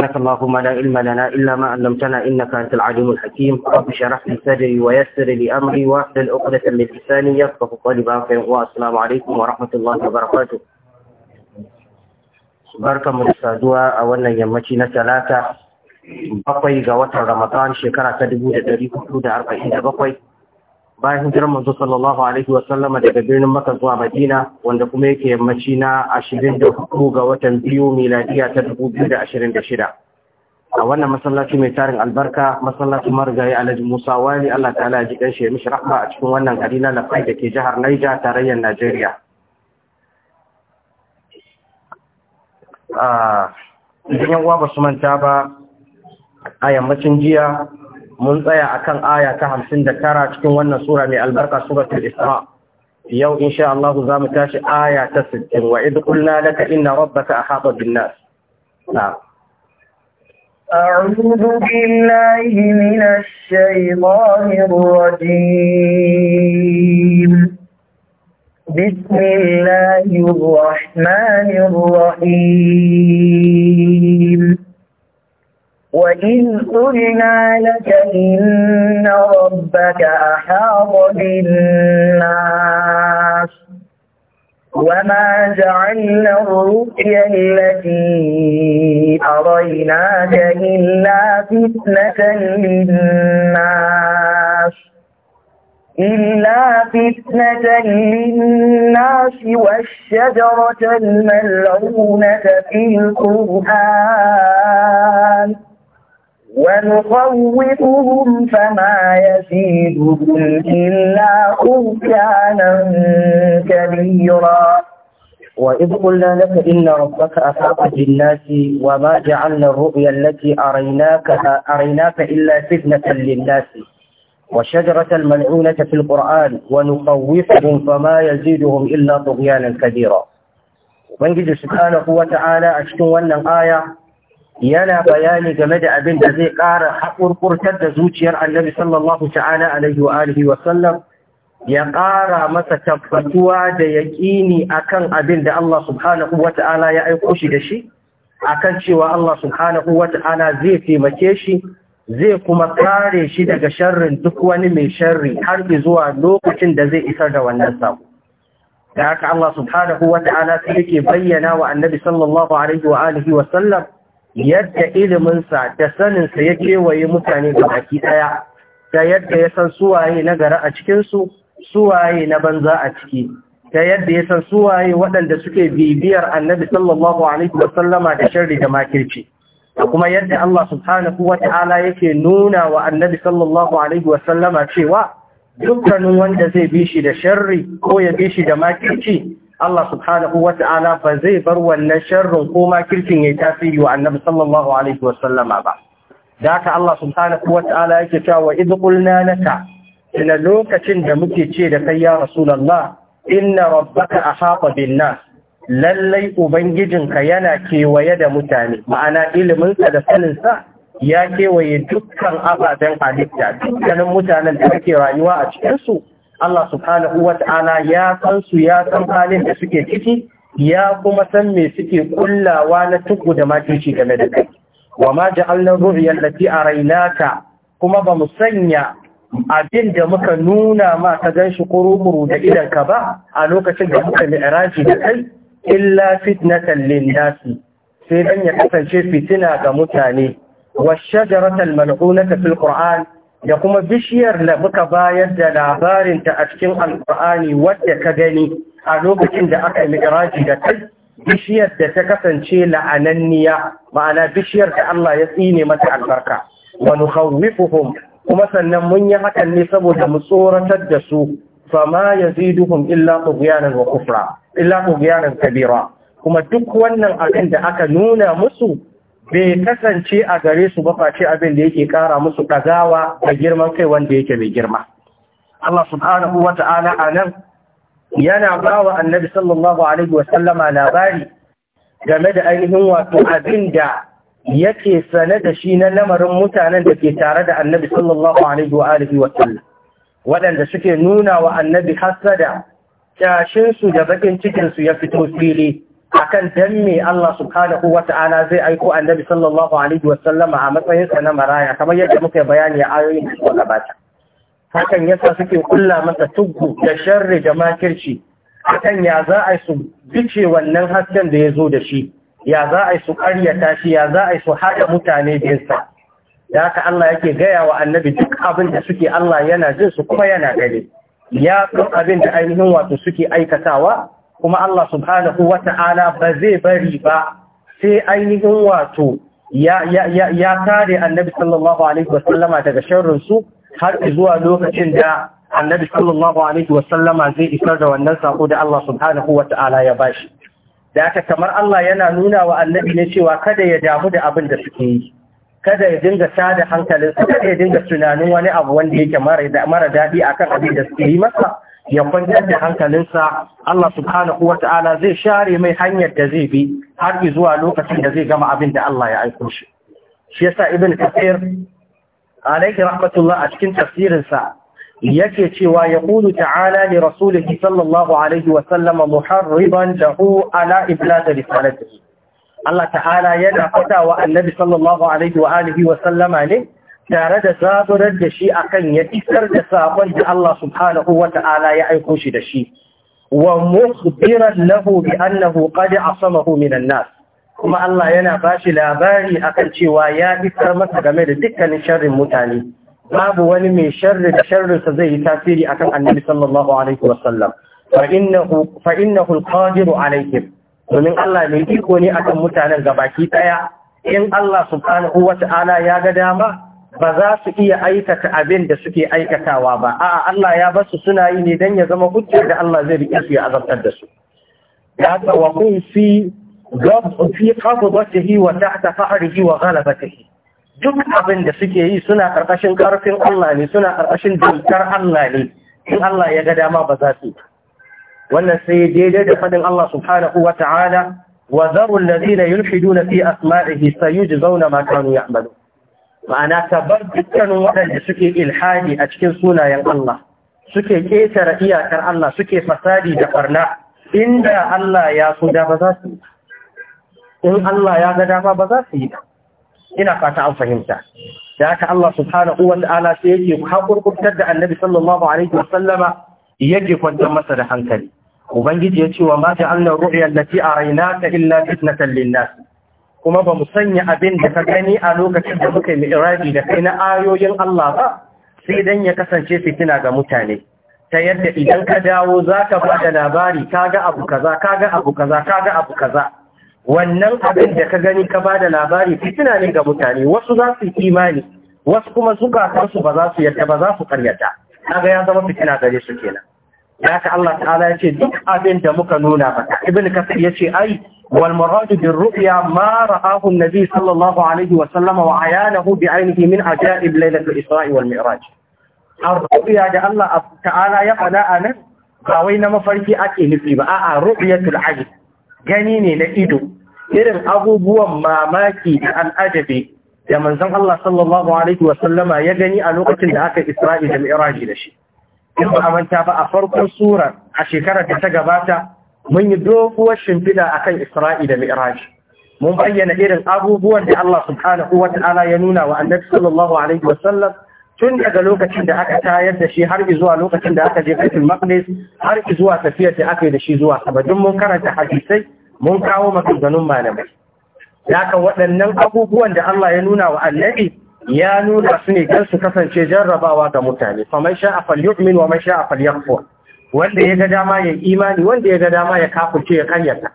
سبحانك اللهم لا علم لنا إلا ما علمتنا إنك أنت العليم الحكيم رب اشرح لي صدري ويسر لي أمري واحلل عقدة من لساني يفقهوا قولي والسلام عليكم ورحمة الله وبركاته barkan mu da saduwa a wannan yammaci na talata bakwai ga watan ramadan shekara ta dubu da dari hudu da arba'in da bakwai bayan hijirar manzo sallallahu alaihi wa sallama daga birnin Makka zuwa Madina wanda kuma yake yammaci na 24 ga watan biyu miladiya ta 2026 a wannan masallaci mai tarin albarka masallacin marigayi Alhaji Musa wani Allah ta'ala ya ji kanshi ya mishi rahma a cikin wannan gari na Lafai da ke jihar Niger tarayyar Najeriya ah, idan yan uwa ba su manta ba a yammacin jiya mun tsaya akan aya ta hamsin da tara cikin wannan sura mai albarka suratul isra yau insha Allah za mu tashi aya ta sittin wa idh qulna laka inna rabbaka ahata bin nas أعوذ بالله من الشيطان الرجيم بسم الله الرحمن الرحيم وإن قلنا لك إن ربك أحاط بالناس وما جعلنا الرؤيا التي أريناك إلا فتنة للناس إلا فتنة للناس والشجرة الملعونة في القرآن ونخوفهم فما يزيدهم إلا خبيانا كبيرا وإذ قلنا لك إن ربك أفاق بالناس وما جعلنا الرؤيا التي أريناك, أريناك إلا فتنة للناس وشجرة الملعونة في القرآن ونخوفهم فما يزيدهم إلا طغيانا كبيرا وبنجد سبحانه وتعالى أن الآية yana bayani game da abin da zai ƙara haƙurƙurtar da zuciyar annabi sallallahu ta'ala alaihi wa alihi sallam ya ƙara masa tabbatuwa da yaƙini akan abin da Allah subhanahu wa ta'ala ya aiko shi da shi akan cewa Allah subhanahu wa ta'ala zai taimake shi zai kuma kare shi daga sharrin duk wani mai sharri har zuwa lokacin da zai isar da wannan sako da haka Allah subhanahu wa ta'ala sai yake bayyana wa annabi sallallahu alaihi wa alihi wa sallam yadda iliminsa da saninsa ya kewaye mutane da baki ɗaya Da yadda ya san suwaye na gara a cikinsu suwaye na banza a ciki Da yadda ya san suwaye waɗanda suke bibiyar annabi sallallahu alaihi wasallama da sharri da makirci da kuma yadda Allah subhanahu wa ta'ala yake nuna wa annabi sallallahu alaihi wasallama cewa dukkanin wanda zai bi shi da sharri ko ya bi shi da makirci Allah subhanahu wa ta'ala ba zai bar wannan sharrin ko ma kirkin ya tasiri wa annabi sallallahu alaihi wa sallama ba da haka Allah subhanahu wa ta'ala yake cewa idh qulna laka ina lokacin da muke ce da kai ya rasulullah inna rabbaka ahata bin nas lallai ubangijinka yana kewaye da mutane ma'ana iliminsa da saninsa ya kewaye dukkan ababen halitta dukkanin mutanen da ake rayuwa a cikinsu Allah subhanahu wa ta'ala ya san su ya san halin da suke ciki ya kuma san me suke kullawa na tuku da makici game da kai wa ma ja'alna ru'ya allati arainaka kuma ba mu sanya abin da muka nuna ma ka ganshi kurumuru da idan ka ba a lokacin da muka mi'raji da kai illa fitnatan lin nasi sai dan ya kasance fitina ga mutane wa shajaratal mal'unata fil qur'an da kuma bishiyar da muka bayar da labarinta a cikin alkur'ani wadda ka gani a lokacin da aka miraji da kai bishiyar da ta kasance la'ananniya ma'ana bishiyar da Allah ya tsine mata albarka wa nukhawwifuhum kuma sannan mun yi hakan ne saboda mu tsoratar da su fama yaziduhum illa tughyanan wa kufra illa tughyanan kabira kuma duk wannan abin da aka nuna musu bai kasance a gare su ba face abin da yake kara musu ɗagawa da girman kai wanda yake mai girma Allah subhanahu wa ta'ala a nan yana ba wa annabi sallallahu alaihi wa labari game da ainihin wato abin da yake sane da shi na lamarin mutanen da ke tare da annabi sallallahu alaihi wa waɗanda suke nuna wa annabi hasada kyashinsu da bakin cikinsu ya fito fili akan dan me Allah subhanahu wata'ala zai aiko annabi sallallahu alaihi wasallama a matsayinsa na maraya kamar yadda muka bayani a ayoyin da suka gabata hakan yasa suke kulla masa tuggu da sharri da makirci akan ya za a su bice wannan hasken da ya zo da shi ya za a su karyata shi ya za a su haɗa mutane jinsa da haka Allah yake gaya wa annabi duk abin da suke Allah yana jin su kuma yana gani ya san abin da ainihin wato suke aikatawa kuma Allah subhanahu wa ta'ala ba zai bari ba sai ainihin wato ya kare annabi sallallahu alaihi wasallama daga sharrinsu har zuwa lokacin da annabi sallallahu alaihi wasallama zai isar da wannan saƙo da Allah subhanahu wa ta'ala ya bashi da aka kamar Allah yana nuna wa annabi ne cewa kada ya damu da abin da suke yi kada ya dinga tada hankalinsu, kada ya dinga tunanin wani abu wanda yake mara daɗi akan abin da suke yi masa ya kwanta da hankalinsa Allah subhanahu wa ta'ala zai share mai hanyar da zai bi har zuwa lokacin da zai gama abin da Allah ya aiko shi shi yasa ibn kathir alayhi rahmatullah a cikin tafsirinsa yake cewa ya kulu ta'ala li rasulihi sallallahu alaihi wa muharriban lahu ala iblada risalatihi Allah ta'ala yana fada wa annabi sallallahu alaihi wa alihi wa sallama ne tare da zaburar da shi akan ya isar da sakon da Allah subhanahu wa ta'ala ya aiko shi da shi wa mukhbiran lahu bi annahu qad asamahu minan nas kuma Allah yana bashi labari akan cewa ya isar masa game da dukkanin sharrin mutane babu wani mai sharri da sharrinsa zai yi tasiri akan annabi sallallahu alaihi wasallam domin Allah mai iko ne akan mutanen gabaki ɗaya? in Allah subhanahu wa ta'ala ya ga dama ba za su iya aikata abin da suke aikatawa ba a'a Allah ya basu suna yi ne dan ya zama hujjar da Allah zai rike su ya azabtar da su haka wa kun fi fi qabdatihi wa tahta fa'rihi wa ghalabatihi duk abin da suke yi suna karkashin karfin Allah ne suna karkashin dukar Allah ne in Allah ya ga dama ba za su wannan sai daidai da fadin Allah subhanahu wa ta'ala wa zaru allazina yulhiduna fi asma'ihi sayujzauna ma kanu ya'malun ma'ana ka bar dukkanin waɗanda suke ilhadi a cikin sunayen Allah suke ƙetare iyakar Allah suke fasadi da ɓarna inda Allah ya so da ba za su yi in Allah ya ga dama ba za su yi ina fata an fahimta da aka Allah subhanahu wa ta'ala sai yake hakurkurtar da Annabi sallallahu alaihi wa sallama yake kwanta masa da hankali ubangiji ya ce wa ma ja'alna ru'ya allati araynaka illa fitnatan lin-nas kuma ba mu sanya abin da ka gani a lokacin da muka yi irabi da kai na ayoyin Allah ba sai dan ya kasance fitina ga mutane ta yadda idan ka dawo za ka ba da labari kaga abu kaza kaga abu kaza kaga abu kaza wannan abin da ka gani ka ba da labari fitina ne ga mutane wasu za su imani wasu kuma su ba za su yadda ba za su karyata kaga ya zama fitina gare su kenan haka Allah ta'ala ya ce duk abin da muka nuna maka ibn kasir ya ce ai wal muradu bir ru'ya ma ra'ahu an-nabi sallallahu alaihi wa sallam wa ayanahu bi ainihi min ajaib lailatul isra'i wal mi'raj ar-ru'ya da Allah ta'ala ya fada anan ba wai na mafarki ake nufi ba a'a ru'yatul ajib gani ne na ido irin abubuwan mamaki da al'ajabi da manzon Allah sallallahu alaihi wa sallama ya gani a lokacin da aka isra'i da mi'raj da shi in ba manta ba a farkon sura a shekarar da ta gabata mun yi doguwar shimfiɗa kan Isra'i da Mi'raj mun bayyana irin abubuwan da Allah subhanahu wa ta'ala ya nuna wa annabi sallallahu alaihi wa sallam tun daga lokacin da aka tayar da shi har zuwa lokacin da aka je Baitul Maqdis har zuwa tafiyar da aka yi da shi zuwa Sabadin mun karanta hadisai mun kawo maganganun malamai. Dakan waɗannan abubuwan da Allah ya nuna wa annabi ya nuna su ne don su kasance jarrabawa ga mutane faman sha'a falyu'min wa mai sha'a falyakfur wanda ya ga dama ya imani wanda ya ga dama ya kafurce ya karyata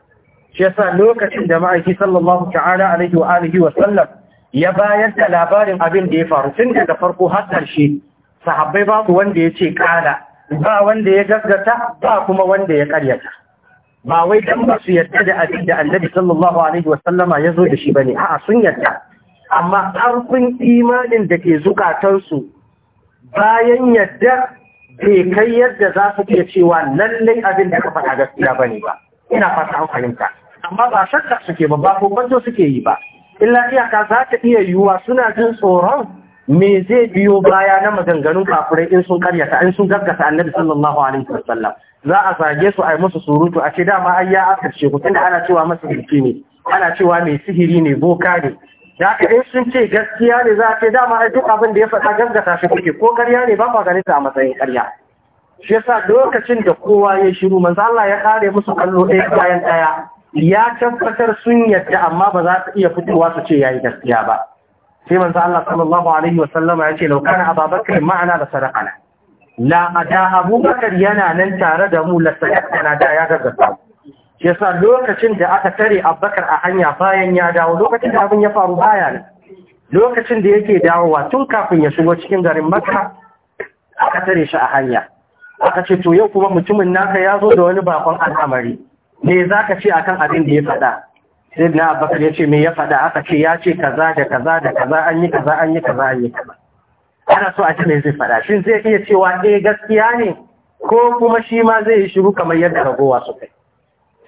shi lokacin da ma'aiki sallallahu ta'ala alaihi wa alihi wa sallam ya bayar da labarin abin da ya faru tun daga farko har ƙarshe sahabbai babu wanda ya ce ƙara. ba wanda ya gaggata ba kuma wanda ya karyata ba wai dan ba su yarda da abin da annabi sallallahu alaihi wa sallama ya zo da shi ba ne. a'a sun yadda. amma ƙarfin imanin da ke zukatansu bayan yadda bai kai yadda za su iya cewa lallai abin da ka faɗa gaskiya ba ne ba ina fata an fahimta amma ba shakka suke ba ba ko kwanto suke yi ba illa iyaka za ta iya yiwuwa suna jin tsoron me zai biyo baya na maganganun kafirai in sun karyata in sun gaggata annabi sallallahu alaihi wasallam za a zage su a yi musu surutu a ce dama ai ya asirce ku tunda ana cewa masa ne ana cewa mai sihiri ne boka ne Ya in sun ce gaskiya ne za a ce dama ai duk abin da ya faɗa gaskata shi kuke ko karya ne ba kwa ta a matsayin karya. Shi yasa lokacin da kowa ya shiru manzo Allah ya kare musu kallo ɗaya bayan ɗaya ya tabbatar sun yadda amma ba za su iya fitowa su ce yayi gaskiya ba. Sai manzo Allah sallallahu alaihi wa sallama ya ce laukana Abubakar ma'ana da sadaqana. La da Abubakar yana nan tare da mu la sadaqana da ya mu yasa lokacin da aka tare abbakar a hanya bayan ya dawo lokacin da abin ya faru baya ne lokacin da yake dawowa tun kafin ya shigo cikin garin maka aka tare shi a hanya aka ce to yau kuma mutumin naka ya zo da wani bakon al'amari me za ka ce akan abin da ya faɗa sai na abbakar ya ce me ya faɗa aka ce ya ce kaza da kaza da kaza an yi kaza an yi kaza an yi kaza ana so a me zai faɗa shin zai iya cewa eh gaskiya ne ko kuma shi ma zai yi shiru kamar yadda ragowa su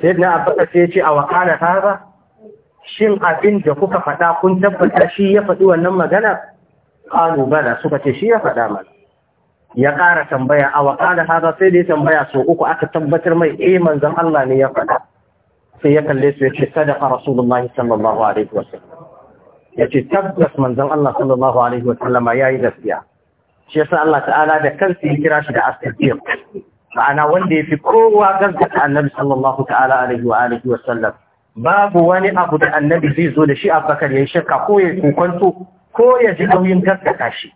sai na abubakar sai ya ce a wakana ba shin abin da kuka faɗa kun tabbata shi ya faɗi wannan magana ƙalu bala suka ce shi ya faɗa mana ya ƙara tambaya a wakana ba sai da ya tambaya so uku aka tabbatar mai eh manzon Allah ne ya faɗa sai ya kalle su ya ce sadaka rasulullah sallallahu alaihi wasallam ya ce tabbas manzon Allah sallallahu alaihi ya yayi gaskiya shi yasa Allah ta'ala da kansa ya kira shi da as ma'ana wanda ya fi kowa gaggata annabi sallallahu ta'ala alaihi wa alihi wa sallam babu wani abu da annabi zai zo da shi a bakar yayin shakka ko ya kokonto ko ya ji nauyin gaskata shi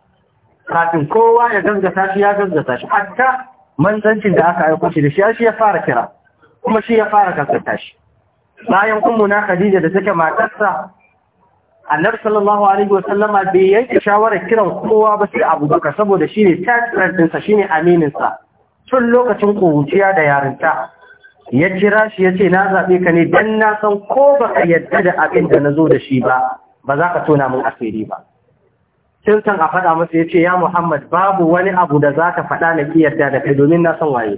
kafin kowa ya gaggata shi ya gaggata shi hatta manzancin da aka aiko shi da shi shi ya fara kira kuma shi ya fara gaskata shi bayan ummuna khadija da take matarsa annabi sallallahu alaihi wa sallama bai yanke shawarar kiran kowa ba sai abubakar saboda shine third friend ɗinsa shine aminin sa tun lokacin ƙuruciya da yarinta ya kira shi ya ce na zaɓe ka ne don na san ko ba ka yadda da abin da na zo da shi ba ba za ka tona min asiri ba tun san a faɗa masa ya ce ya muhammad babu wani abu da za ka faɗa na yarda da kai domin na san waye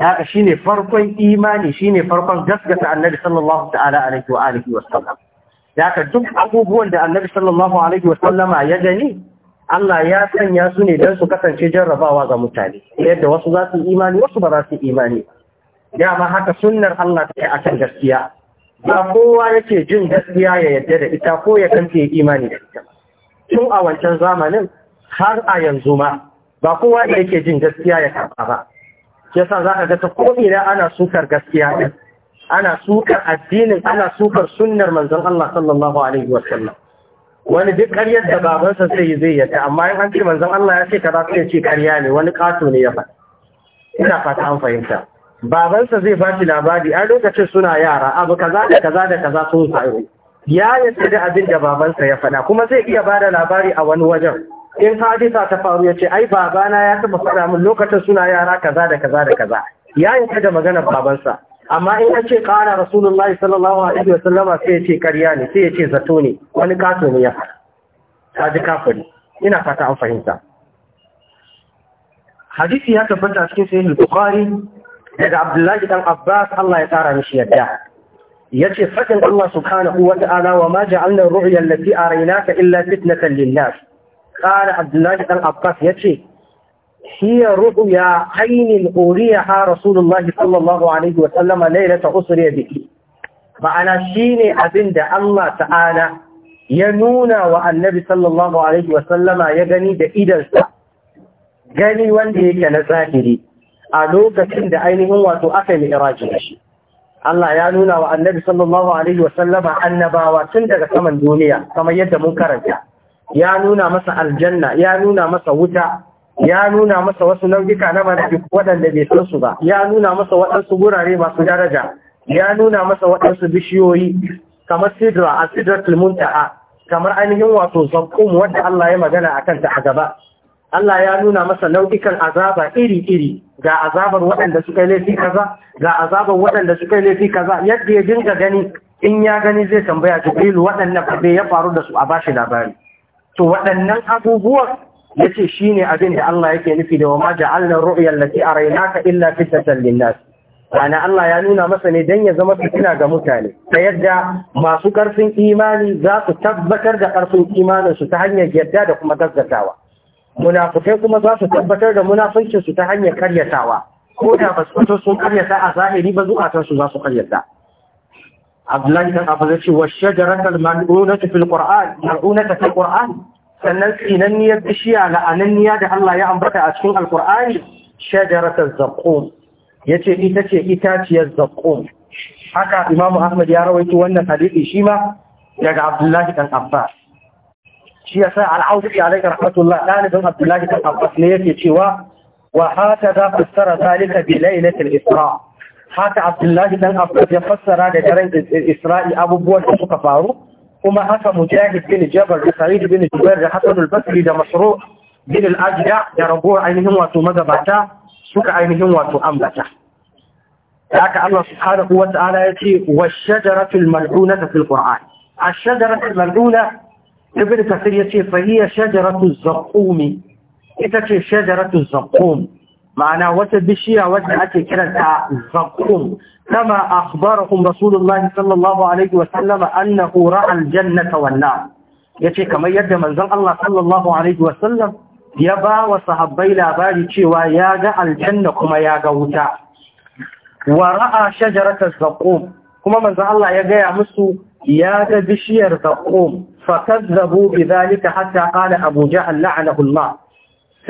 ka haka ne farkon imani shi ne farkon gasgasa annabi sallallahu ta'ala alaihi wa alihi wa sallam duk abubuwan da annabi sallallahu alaihi wa sallama ya gani Allah ya sanya su ne don su kasance jarrabawa ga mutane yadda wasu za su imani wasu ba za su imani dama haka sunnar Allah ta a kan gaskiya ba kowa yake jin gaskiya ya yadda da ita ko ya kanta ya imani da ita tun a wancan zamanin har a yanzu ma ba kowa da yake jin gaskiya ya karɓa ba yasa za ka gata ko ina ana sukar gaskiya ɗin ana sukar addinin ana sukar sunnar manzon Allah sallallahu alaihi wasallam wani duk karyar da babansa sai zai yata amma in an manzan Allah ya ce su yi ce karya ne wani kato ne ya faɗa ina fata an fahimta babansa zai fashi labari a lokacin suna yara abu kaza da kaza da kaza sun faru ya yadda da abin da babansa ya faɗa kuma zai iya ba da labari a wani wajen in hadisa ta faru ya ce ai babana ya taɓa faɗa min lokacin suna yara kaza da kaza da kaza ya yadda da maganar babansa amma in an ce ƙara rasulullahi sallallahu alaihi wasallama sai ya ce karya ne sai ya ce zato ne wani kato ne ya ta ji kafiri ina fata an fahimta hadisi ya tabbata cikin sahih al daga abdullahi dan abbas Allah ya tsara mishi yadda yace faɗin Allah subhanahu wa ta'ala wa ma ja'alna ar-ru'ya a rainaka illa fitnatan lin ƙara abdullahi dan abbas yace هي رؤيا عين أوريها رسول الله صلى الله عليه وسلم ليلة أسري به معنى شيني أبند الله تعالى ينونا والنبي صلى الله عليه وسلم يغني بإدلسة gani wanda yake na zahiri a lokacin da ainihin wato aka yi irajin Allah ya nuna wa annabi sallallahu alaihi wasallama annabawa tun daga saman duniya kamar yadda mun karanta ya nuna masa aljanna ya nuna masa wuta ya nuna masa wasu nau'ika na manafi waɗanda bai san su ba ya nuna masa waɗansu gurare masu daraja ya nuna masa waɗansu bishiyoyi kamar sidra a sidratul a kamar ainihin wato zakkum wanda Allah ya magana a kanta a gaba Allah ya nuna masa nau'ikan azaba iri-iri ga azabar waɗanda suka yi laifi kaza ga azabar waɗanda suka yi laifi kaza yadda ya dinga gani in ya gani zai tambaya Jibrilu waɗannan fa ya faru da su a bashi labari to waɗannan abubuwan yace shine abin da Allah yake nufi da wama ja'alna ru'ya allati araynaka illa fitatan linnas ana Allah ya nuna masa ne dan ya zama fitina ga mutane ta yadda masu karfin imani za su tabbatar da karfin imanin su ta hanyar yadda da kuma gaggatawa munafukai kuma za su tabbatar da munafincin su ta hanyar karyatawa ko da ba su fito sun karyata a zahiri ba zuƙatan su za su karyata Abdullahi dan Abu Zaci wa shajaratul mal'unatu fil Qur'an mal'unatu fil Qur'an sannan tsinanniyar bishiya la'ananniya da Allah ya ambata a cikin alkur'ani shajaratar zaqqum yace ita ce itaciyar zaqqum haka Imam ahmad ya rawaito wannan hadisi shi ma daga abdullahi dan abbas shi yasa al-aufi alayhi rahmatullah dalibin abdullahi dan abbas ne yake cewa wa hakaza fassara zalika bi lailatul isra haka abdullahi dan abbas ya fassara da daren isra'i abubuwan da suka faru كما حكى مجاهد بن جبر وسعيد بن جبر حسن البصري ده مشروع بين الاجدع ده ربوع عينهم وتمذا بتا سوق عينهم وتامبتا ذاك الله سبحانه وتعالى يتي والشجرة الملعونة في القرآن الشجرة الملعونة ابن كثير يتي فهي شجرة الزقوم إتتي شجرة الزقوم معنى وتبشي وتأتي كرة الزقوم كما أخبرهم رسول الله صلى الله عليه وسلم أنه رأى الجنة والنار yace kamar yadda manzon Allah sallallahu alaihi wasallam ya ba wa sahabbai labari cewa ya ga aljanna kuma ya ga wuta wa ra'a shajarata zaqum kuma manzon Allah ya gaya musu ya ga bishiyar zaqum fakazzabu bidhalika hatta qala Abu Jahl la'anahu Allah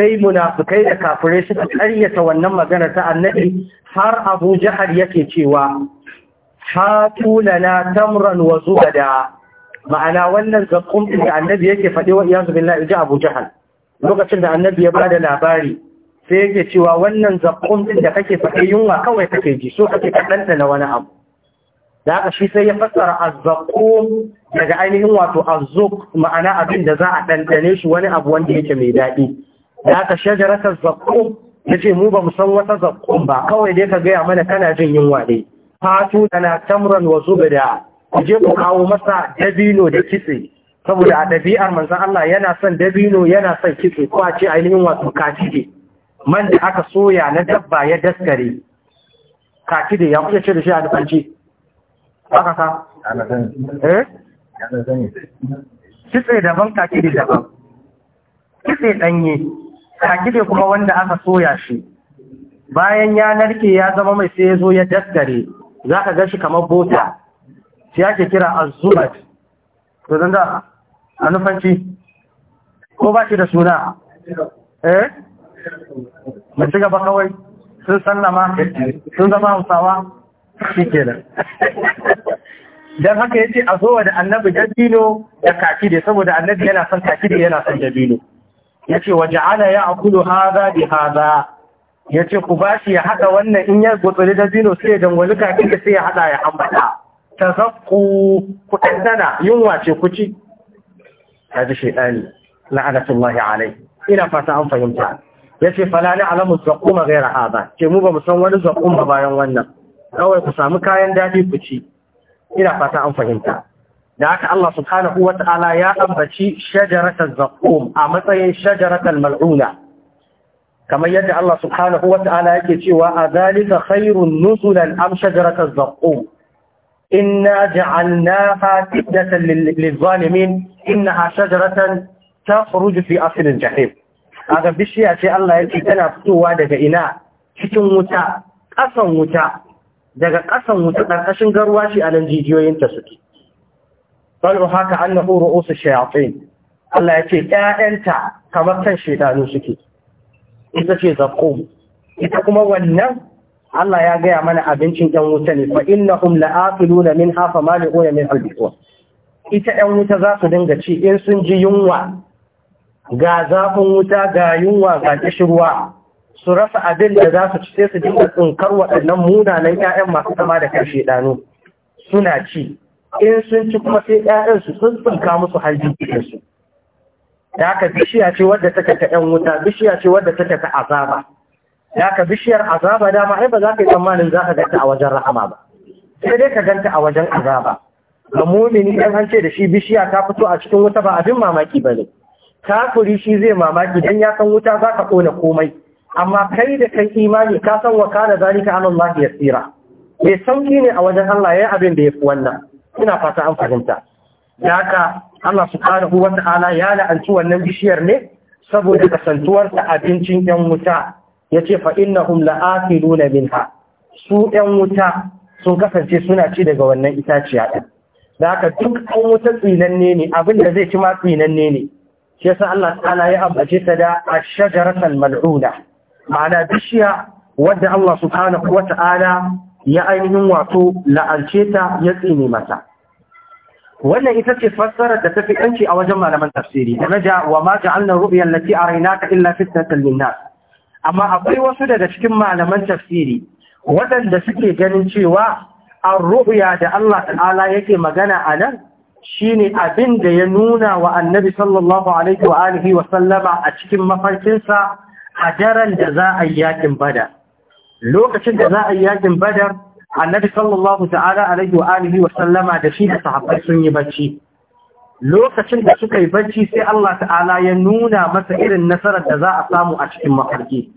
sai munafukai da kafirai suka karyata wannan magana ta annabi har abu jahar yake cewa hatu lana tamran wa zubada ma'ana wannan zakkum da annabi yake faɗi wa iyazu billahi ji abu jahal lokacin da annabi ya bada labari sai yake cewa wannan zakkum din da kake faɗi yunwa kawai kake ji so kake kaɗanta na wani abu da haka shi sai ya fassara azzaqum daga ainihin wato azzuk ma'ana abin da za a ɗanɗane shi wani abu wanda yake mai daɗi da aka ta zakkun? ya ce mu ba mu san wata zakkun ba kawai dai ka gaya mana kana jin yunwa ne fatu tana tamran wa zubida ku je ku kawo masa dabino da kitse saboda a ɗabi'ar manzan Allah yana son dabino yana son kitse ko a ce ainihin wato katide man da aka soya na dabba ya daskare katide ya kusa ce da shi a dukanci aka ka eh? kitse daban katide daban kitse ɗanye kagide kuma wanda aka soya shi bayan ya narke ya zama mai sai ya zo ya daskare za ka gashi kamar bota shi ake kira azubat to zan da a nufanci ko ba shi da suna eh mai ci gaba kawai sun sallama sun zama hausawa shi ke da don haka ya ce a wa da annabi dabino da kaki da saboda annabi yana son kaki da yana son dabino yace waja'ala ya'kulu hadha bi ya yace ku bashi ya haɗa wannan in ya gutsuri da zino sai ya dangwali kafin da sai ya haɗa ya hambata? Ta zafku ku tantana yunwa ce ku ci kaji shedani mahi alai ina fata an fahimta yace alamun ni alamu zakuma ghaira ba? ce mu ba mu san wani zakuma bayan wannan kawai ku samu kayan dadi ku ci ina fata an fahimta da haka Allah subhanahu wa ta'ala ya ambaci shajaratar zakum a matsayin shajaratar mal'una kamar yadda Allah subhanahu wa ta'ala yake cewa a zalika khairun nusulan am shajaratar zakum inna ja'alnaha fitnatan lil innaha shajaratan takhruju fi aslil jahim aga bishiya ce Allah yake tana fitowa daga ina cikin wuta ƙasan wuta daga ƙasan wuta ƙarƙashin garwashi a nan jijiyoyinta suke طلعوا هكا أنه رؤوس الشياطين الله يتي أنت كما كان شيطان سكي إذا في زقوم إذا كما ولنا الله يا من أبنشن hafa, فإنهم لآكلون منها فمالئون منها البطون ita ‘yan wuta za su dinga ci in sun ji yunwa ga zafin wuta ga yunwa ga ƙishirwa, su rasa abin da za su ci sai su dinga tsinkar waɗannan munanan ‘ya'yan masu kama da kan shaidanu suna ci in sun ci kuma sai ƴaƴan su sun tsinka musu hajjin su Ya ka bishiya ce wadda take ta ƴan wuta bishiya ce wadda take ta azaba Ya ka bishiyar azaba dama ai ba za ka yi tsammanin za ka ganta a wajen rahama ba sai dai ka ganta a wajen azaba ga mumini ɗan hance da shi bishiya ta fito a cikin wuta ba abin mamaki ba ne kafuri shi zai mamaki dan ya san wuta za ka ƙona komai amma kai da kan imani ka san wa kana zalika anallahi yasira mai sauki ne a wajen Allah yayin abin da fi wannan ina fata an fahimta ya ka Allah ku wata ala ya la'anci wannan bishiyar ne saboda kasantuwarta abincin yan wuta ya yace fa innahum la'akiluna minha su yan wuta sun kasance suna ci daga wannan itaciya din da haka duk an wuta tsinanne ne abin da zai ci ma tsinanne ne shi yasa Allah ta'ala ya ambace ta da ash-shajaratal mal'una ma'ana bishiya wadda Allah subhanahu wa ta'ala ya ainihin wato la'alce ta ya tsine mata wannan ita ce fassarar da tafi yanci a wajen malaman tafsiri da naja wa ma ja'alna a raina araynaka illa fitnatan linnas amma akwai wasu daga cikin malaman tafsiri waɗanda suke ganin cewa an ruya da Allah ta'ala yake magana a nan shine abin da ya nuna wa annabi sallallahu alaihi wa alihi wa sallama a cikin mafarkinsa a daren da za a yi yakin bada lokacin da za a yi yakin badar annabi sallallahu ta'ala alaihi wa alihi wa sallama da shi da sahabbai sun yi bacci lokacin da suka yi bacci sai Allah ta'ala ya nuna masa irin nasarar da za a samu a cikin mafarki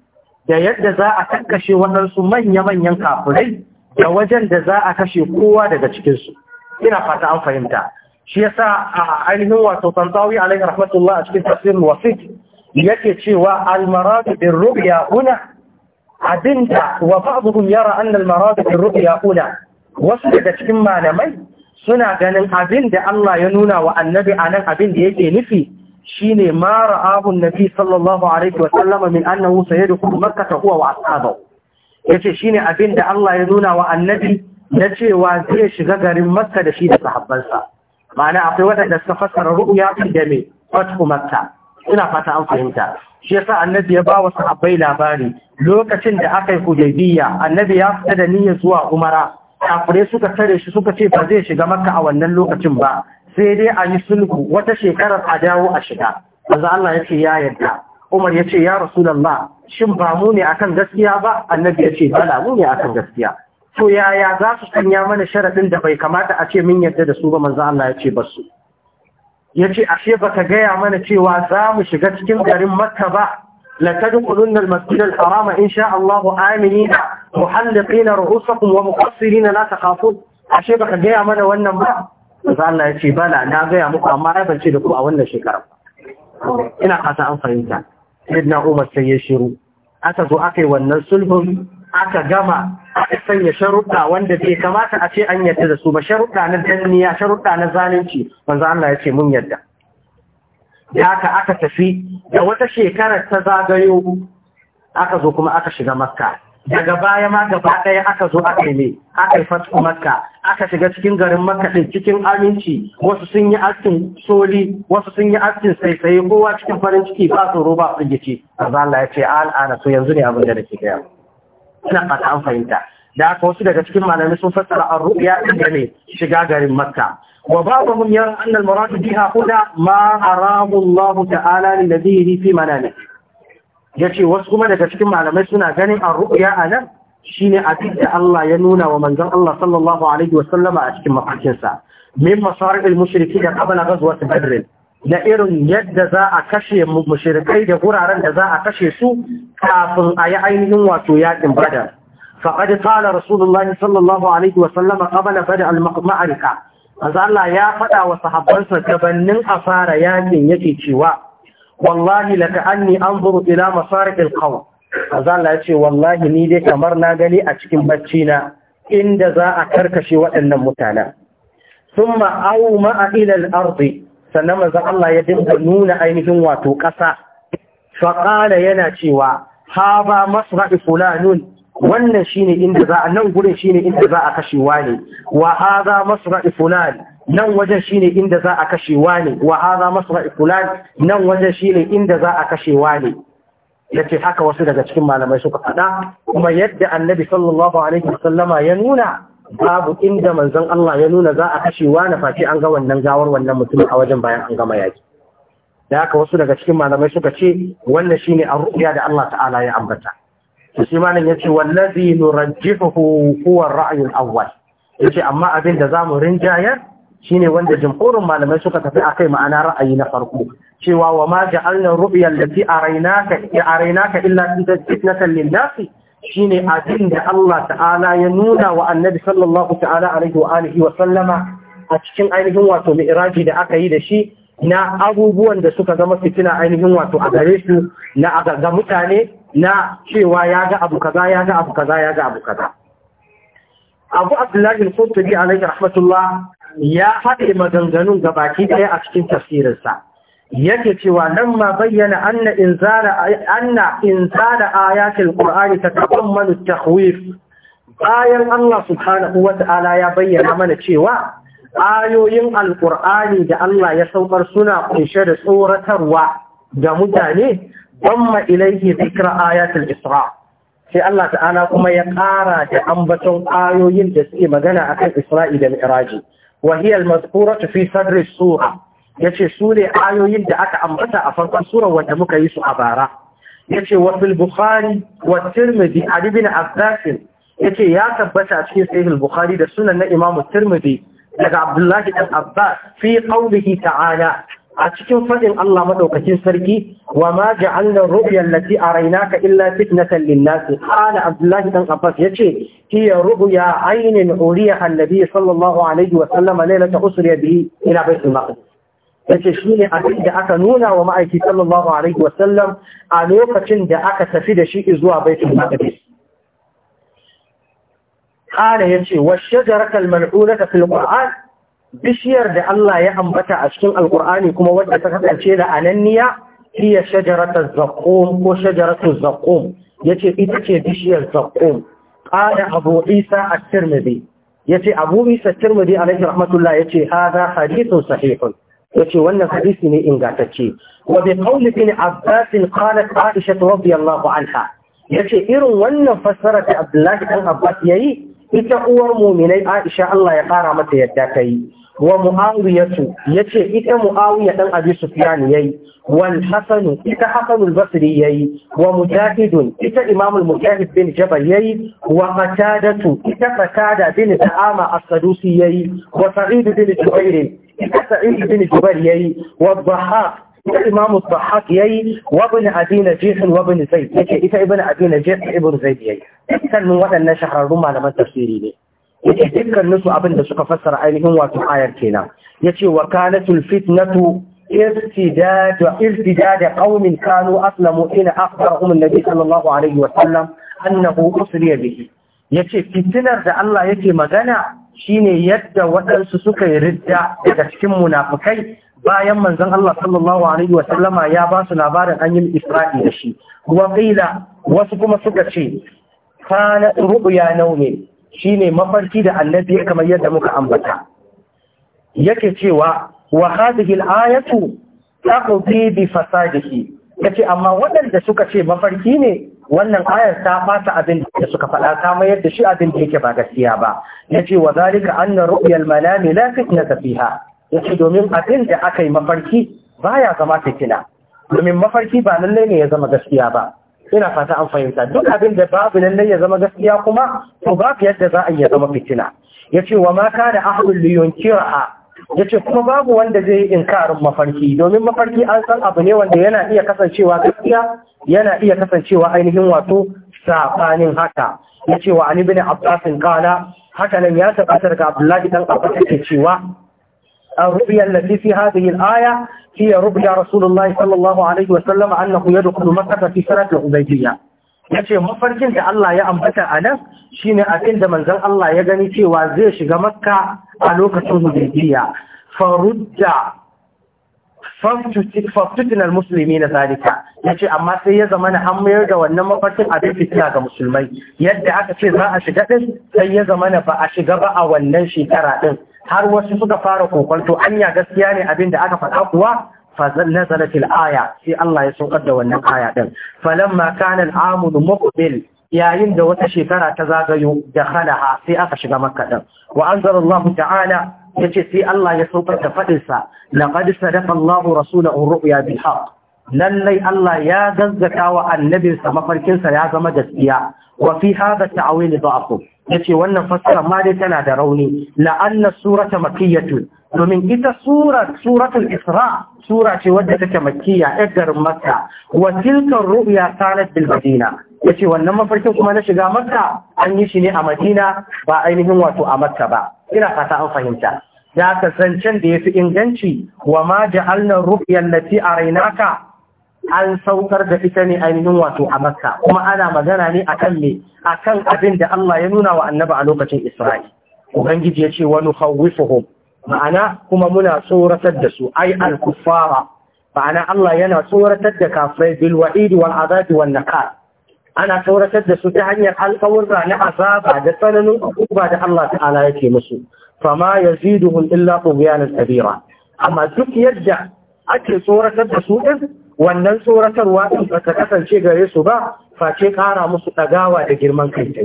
da yadda za a kakkashe waɗansu manya-manyan kafirai da wajen da za a kashe kowa daga cikinsu ina fata an fahimta shi yasa a ainihin wato tantawi alaihi rahmatullah a cikin tafsirin wasit yake cewa almaradu bin rubiya huna abinda wa ba'dhum yara anna al-maradid ar-ru'ya ula wasu daga cikin malamai suna ganin abinda Allah ya nuna wa annabi anan abinda yake nufi shine ma ra'ahu an-nabi sallallahu alaihi wa sallama min annahu sayadkhulu makkah huwa wa ashabahu yace shine abinda Allah ya nuna wa annabi na cewa zai shiga garin makka da shi da sahabbansa ma'ana akwai waɗanda suka fassara ru'ya da me fatu makka ina fata an fahimta shi yasa annabi ya ba wa sahabbai labari lokacin da aka yi hudaybiya annabi ya fita da niyyar zuwa umara kafirai suka tare shi suka ce ba zai shiga makka a wannan lokacin ba sai dai a yi sulhu wata shekarar a dawo a shiga manzo Allah ya ce ya yarda Umar ya ce ya Rasulullah shin ba mu ne akan gaskiya ba annabi ya ce bala mu ne akan gaskiya to yaya za su sanya mana sharadin da bai kamata a ce mun yarda da su ba manzo Allah ya ce ba su ya ce ashe ba ka gaya mana cewa za mu shiga cikin garin makka ba لتدخلن المسجد harama إن شاء الله آمنين محلقين رؤوسكم ومقصرين لا تخافون ashe baka gaya mana wannan ba za Allah ya ce bala na gaya muku amma ai ban ce da ku a wannan shekara ina fata an fahimta sayyidina Umar sai ya shiru aka zo aka yi wannan sulhun aka gama sanya sharuɗa wanda bai kamata a ce an yadda da su ba sharuɗa na danniya sharuɗa na zalunci Wanzu Allah ya ce mun yadda Ya ka aka tafi da wata shekarar ta zagayo aka zo kuma aka shiga makka daga baya ma gaba ɗaya aka zo aka yi aka yi fatu makka aka shiga cikin garin makka ɗin cikin aminci wasu sun yi askin soli wasu sun yi askin saisaye kowa cikin farin ciki ba tsoro ba firgici manzo Allah ya ce al'ana to yanzu ne abin da nake gaya ina fata an fahimta da aka wasu daga cikin malamai sun fassara an ru'ya da ne shiga garin makka wa mun yara anna al biha huda ma arahu Allah ta'ala lil nabiyhi fi manami yace wasu kuma daga cikin malamai suna ganin an ru'ya anan shine abin da Allah ya nuna wa manzon Allah sallallahu alaihi wa a cikin mafarkinsa min masaril mushriki da qabla ghazwat badr na irin yadda za a kashe mushrikai da guraren da za a kashe su kafin a yi ainihin wato yakin badar faqad qala rasulullahi sallallahu alaihi wa sallam qabla bada al-ma'arika ya faɗa wa sahabbansa gabanin a fara yakin yake cewa wallahi laka anni anzuru ila masarik al-qawm manzo ya ce wallahi ni dai kamar na gani a cikin bacci na inda za a karkashe waɗannan mutanen Sun aw ma'a ila al sannan manzon Allah ya dinga nuna ainihin wato ƙasa faƙala yana cewa ha ba masra'i fulanun wannan shine inda za a nan gurin shine inda za a kashewa ne. wa hadha masra'i fulan nan wajen shine inda za a kashewa ne. wa hadha masra'i fulan nan wajen shine inda za a kashe wani yace haka wasu daga cikin malamai suka faɗa kuma yadda annabi sallallahu alaihi wasallama ya nuna babu inda manzon Allah ya nuna za a kashe wani face an ga wannan gawar wannan mutum a wajen bayan an gama yaki da haka wasu daga cikin malamai suka ce wannan shine an ruya da Allah ta'ala ya ambata to shi malamin yace wallazi nurajjihu huwa ar-ra'yu awwal yace amma abin da zamu rinjayar shine wanda jumhurin malamai suka tafi akai ma'ana ra'ayi na farko cewa wa ma ja'alna ru'ya allati araynaka araynaka illa fitnatan lin-nasi Shi shine abin da Allah ta'ala ya nuna wa annabi sallallahu ta'ala alaihi wa sallama a cikin ainihin wato mi'raji da aka yi da shi na abubuwan da suka zama fitina ainihin wato a gare su na ga mutane na cewa ya ga abu kaza ya ga abu kaza ya ga abu kaza Abu Abdullahi al alaihi rahmatullah ya haɗe maganganun gabaki ɗaya a cikin tafsirinsa yake cewa nan ma bayyana anna inzara anna inzara ayatul qur'ani tatadammanu at bayan Allah subhanahu wa ta'ala ya bayyana mana cewa ayoyin alqur'ani da Allah ya saukar suna kunshe da tsoratarwa ga mutane amma ilaihi dhikra ayatul isra sai Allah ta'ala kuma ya ƙara da ambaton ayoyin da suke magana akan isra'i da mi'raji wa hiya al fi sadri sura yace su ne ayoyin da aka ambata a farkon surar wanda muka yi su a bara yace wa fil bukhari wa tirmidhi ali bin abbas yace ya tabbata a cikin sahih bukhari da sunan na imamu tirmidhi daga abdullahi dan abbas fi qawlihi ta'ala a cikin fadin Allah madaukakin sarki wa ma ja'alna ru'ya allati araynaka illa fitnatan lin-nas qala abdullahi dan abbas yace hiya ru'ya aynin uriya annabi sallallahu alaihi wa sallam lailata usriya bihi ila baitul maqdis yace shine abin da aka nuna wa ma'aiki sallallahu alaihi wasallam a lokacin da aka tafi da shi zuwa baitul maqdis kana yace wa shajarata malunata fil qur'an bishiyar da Allah ya ambata a cikin alqur'ani kuma wadda ta kasance da ananniya hiya shajaratu zaqqum ko shajaratu zaqqum yace ita ce bishiyar zaqqum kana abu isa at-tirmidhi yace abu isa at-tirmidhi alaihi rahmatullah yace hadha hadithun sahihun yace wannan hadisi ne ingantacce wa bi qawli bin abbas qalat aisha radiyallahu anha yace irin wannan fassara da abdullahi ɗan abbas yayi ita uwar mu'minai aisha Allah ya kara mata yadda kai wa muawiyatu yace ita muawiya dan abi sufyan yayi wal hasan ita hasan al basri yayi wa mujahid ita imam al mujahid bin jabal yayi wa qatadatu ita qatada bin ta'ama as-sadusi yayi wa sa'id bin jubair da sa'id bin jubair yayi wa dhahhak imamu dhahhak yayi wa ibn abi najih yake ita ibn abi najih ibn zaid yayi kan waɗannan shahararru malaman tafsiri ne yake dukkanin abinda suka fassara ainihin watu ayar kenan yace wa fitnatu ارتداد ارتداد قوم كانوا اسلموا حين اخبرهم النبي صلى الله عليه وسلم انه اسري به yace fitinar da Allah yake magana shine yadda waɗansu suka yi ridda daga cikin munafukai bayan manzon Allah sallallahu alaihi wasallama ya ba su labarin an yi isra'i da shi kuma ƙila wasu kuma suka ce kana ru'ya Shi shine mafarki da annabi kamar yadda muka ambata yake cewa wa hadhihi al-ayatu taqdi bi fasadihi yace amma waɗanda suka ce mafarki ne wannan ayar ta fata abin da suka faɗa ta mayar da shi abin da yake ba gaskiya ba yace wa zalika anna ru'yal manami la fitnata fiha yace domin abin da aka yi mafarki baya zama fitina domin mafarki ba lallai ne ya zama gaskiya ba ina fata an fahimta duk abin da babu lallai ya zama gaskiya kuma to babu yadda za a ya zama fitina yace wa ma kana ahlul liyunkiraha ya ce kuma babu wanda zai yi inkarin mafarki domin mafarki an san abu ne wanda yana iya kasancewa gaskiya yana iya kasancewa ainihin wato saɓanin haka ya ce wa ani abbasin kana haka nan ya tabbatar ga abdullahi dan abbas yake cewa الرؤيا التي في هذه aya? هي رؤيا رسول الله sallallahu alaihi wa وسلم أنه يدخل مكة في سنة العبيدية ya ce mafarkin da Allah ya ambata a nan shi ne abin da manzan Allah ya gani cewa zai shiga makka a lokacin hudaybiya farudda faftutinar musulmi na zalika ya ce amma sai ya zama na an mayar da wannan mafarkin abin fitina ga musulmai yadda aka ce za a shiga ɗin sai ya zama na ba a shiga ba a wannan shekara ɗin har wasu suka fara kokonto anya gaskiya ne abin da aka faɗa kuwa فنزلت الآية في الله يسوقد وأن الآية دل. فلما كان العام المقبل yayin da wata shekara ta zagayo da halaha sai aka shiga makka din wa anzalallahu ta'ala yace sai Allah ya saukar da fadin sa laqad sadaqa Allahu rasulahu ru'ya bil haqq lallai Allah ya gaggata wa annabinsa mafarkinsa ya zama gaskiya wa fi hadha ta'wil da'fu yace wannan fassara ma dai tana da rauni la'anna surata makkiyatu domin ita surat Isra'a. sura ce wadda take makkiya yar garin makka wa tilkan ru'ya kanat bil madina yace wannan mafarkin kuma na shiga makka an yi shi ne a madina ba ainihin wato a makka ba ina fata an fahimta Ya aka da da yafi inganci wa ma ja'alna ru'ya allati arainaka an saukar da ita ne ainihin wato a makka kuma ana magana ne akan me akan abin da Allah ya nuna wa annabi a lokacin Isra'i ubangiji yace wa nukhawwifuhum ma'ana kuma muna tsoratar da su ai al-kuffara ma'ana Allah yana tsoratar da kafirai bil wa'idi wal ana tsoratar da su ta hanyar alƙawurra na azaba da tsananin hukuma da Allah ta'ala yake musu fama yaziduhum illa tughyanan kabira amma duk yadda ake tsoratar da su din wannan tsoratarwa din ba ta kasance gare su ba face kara musu ɗagawa da girman kai ta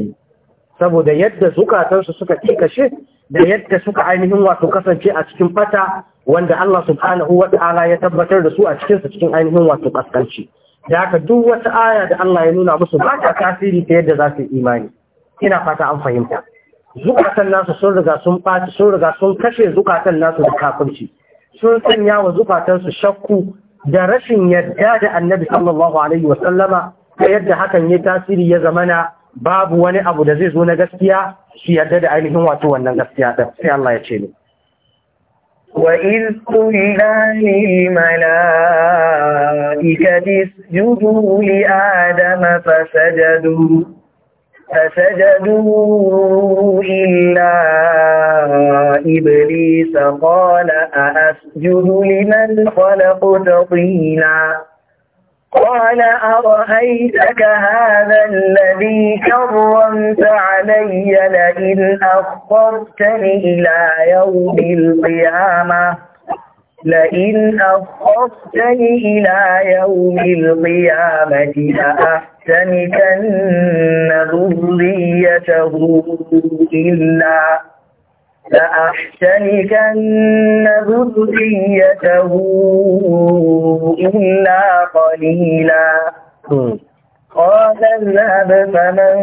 saboda yadda zukatansu suka kashe da yadda suka ainihin wato kasance a cikin fata wanda Allah subhanahu wa ta'ala ya tabbatar da su a cikin su cikin ainihin wato kaskanci da haka duk wata aya da Allah ya nuna musu ba ta tasiri ta yadda za su yi imani ina fata an fahimta zukatan nasu sun riga sun sun riga sun kashe zukatan nasu da kafirci sun sanya wa zukatansu shakku da rashin yadda da annabi sallallahu alaihi wa sallama ta yadda hakan ya tasiri ya zamana babu wani abu da zai zo na gaskiya shi yadda da ainihin wato wannan gaskiya da, sai Allah ya ce ni. Wa in kula ne mala ikadis judu li adama fasajadu fasajadu illa iblis qala asjudu liman khalaqta قال أرأيتك هذا الذي كرمت علي لئن أخرتني إلى يوم القيامة لئن أخرتني إلى يوم القيامة لأحتنكن ذريته إلا لأحسنكن ذريته إلا قليلا قال اذهب فمن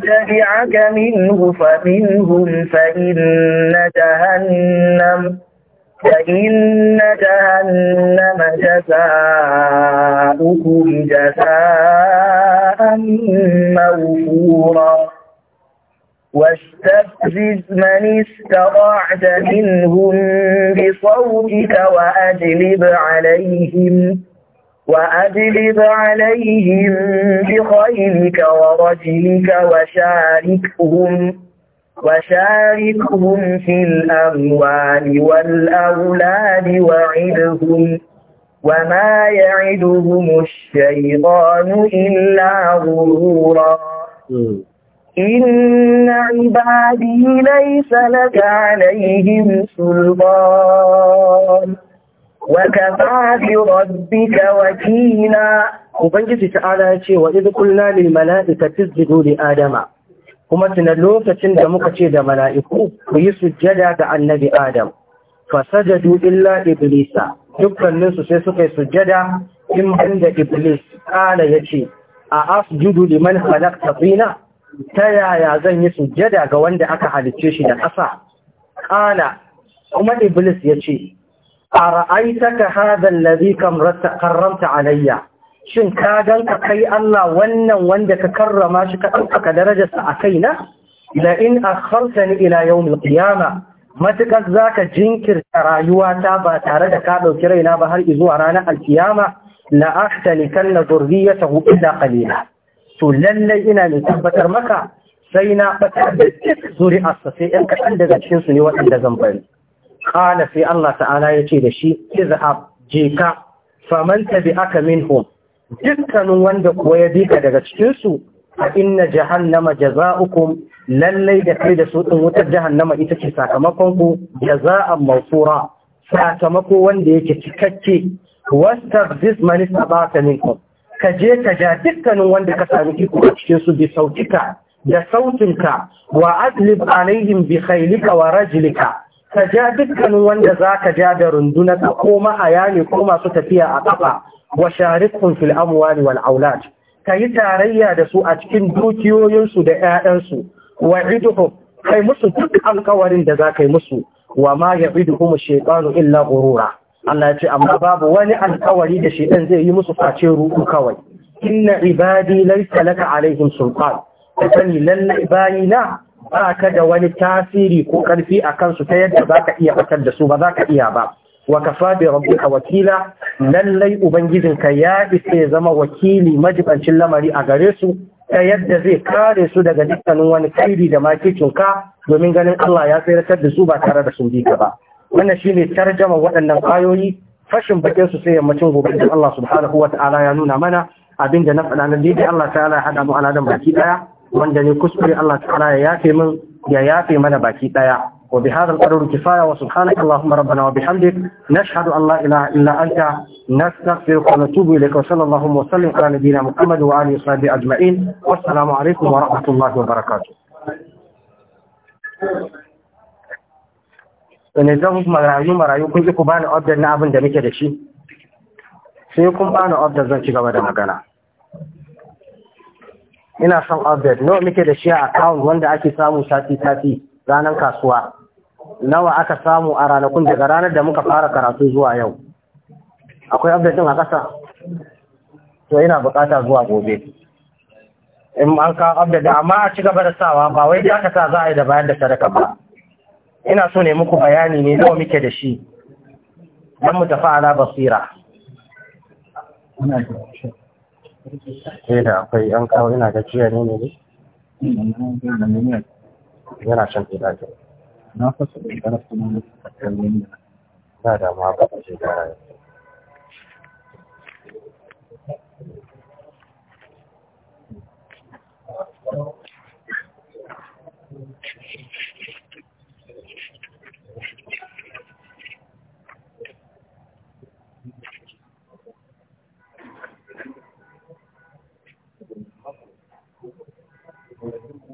تبعك منه فمنهم فإن جهنم فإن جهنم جزاؤكم جزاء موفورا واستفزز من استطعت منهم بصوتك وأجلب عليهم وأجلب عليهم بخيلك ورجلك وشاركهم وشاركهم في الأموال والأولاد وعدهم وما يعدهم الشيطان إلا غرورا إن عبادي ليس لك عليهم سلطان وكفى بربك وكيلا Ubangiji ta'ala ya ce wa idh qulna lil mala'ikati isjudu li adama kuma tuna lokacin da muka ce da mala'iku ku yi sujjada ga annabi Adam fasajadu illa iblisa dukkaninsu sai suka sujada sujjada in banda iblis kana yace a asjudu liman khalaqta tina ta yaya zan yi sujjada ga wanda aka halicce shi da ƙasa ƙala kuma iblis ya ce a ka hadha allazi kamrata karramta alayya shin ka gan ka kai Allah wannan wanda ka karrama shi ka ɗaukaka darajarsa a kai na. la in ni ila yawmil Matuƙar matukar zaka jinkirta rayuwata ba tare da ka ɗauki raina ba har zuwa ranar alkiyama la ta dhurriyyatahu da ƙalila. to lallai ina mai tabbatar maka sai na fatar da duk zuri'arsa sai ‘yan kaɗan daga cikinsu ne waɗanda zan bari. Ƙala sai Allah ta'ala ya ce da shi, Izhab, je ka, faman tabi aka minhum, dukkanin wanda kuwa ya bi ka daga cikinsu, a inna jahannama jaza'ukum lallai da kai da su ɗin wutar jahannama ita ce sakamakon ku jaza'an mawsura sakamako wanda yake cikakke ba ka min minkum ka je ka ja dukkanin wanda ka sami iko a cikin su bi sautika da sautinka wa adlib alaihim bi khailika wa rajlika ka ja dukkanin wanda za ka ja da ka ko mahaya ne ko masu tafiya a kafa wa sharikun fil amwali wal aulad ka yi tarayya da su a cikin dukiyoyinsu da 'ya'yansu wa iduhu. kai musu duk alkawarin da za ka yi musu wa ma ya shaytanu illa ghurura Allah ya ce amma babu wani alkawari da shedan zai yi musu face ruɗu kawai inna ibadi laysa laka alaihim sultan ka sani lalle bayina ba ka da wani tasiri ko karfi a kansu ta yadda za ka iya batar da su ba za ka iya ba wa kafa bi rabbika wakila lallai ubangijin ya isa ya zama wakili majibancin lamari a gare su ta yadda zai kare su daga dukkanin wani kairi da ka. domin ganin Allah ya tsiratar da su ba tare da sun bi ka ba wannan shine tarjama waɗannan ayoyi fashin bakin su sai yammacin gobe da Allah subhanahu wata'ala ya nuna mana abinda na faɗa na daidai Allah ta'ala ya hada mu aladan baki daya wanda ne kuskure Allah ta'ala ya yafe min ya yafe mana baki daya wa bi hadha al-qadar kifaya wa subhanaka allahumma rabbana wa bihamdik nashhadu an la ilaha illa anta nastaghfiruka wa natubu ilayka wa sallallahu wa sallim ala nabiyyina muhammad wa alihi wa sahbihi ajma'in wassalamu wa rahmatullahi wa barakatuh ne zan marayu marayu kun ku bani order na abin da muke da shi sai kun bani order zan ci gaba da magana ina son order nawa muke da shi a account wanda ake samu sati sati ranar kasuwa nawa aka samu a ranakun daga ranar da muka fara karatu zuwa yau akwai update din a ƙasa to ina bukata zuwa gobe in an kawo update amma a ci gaba da sawa ba wai da aka sa za a yi da bayan da sadaka ba ina so ne muku bayani ne nawa muke da shi don mu tafi ala basira ina eh, akwai an kawo ina ga jiya ne ne ne yana shan tsira ke na fasa da ƙarar kuma na kallon yana ba da ma ba a shekara yau Thank you.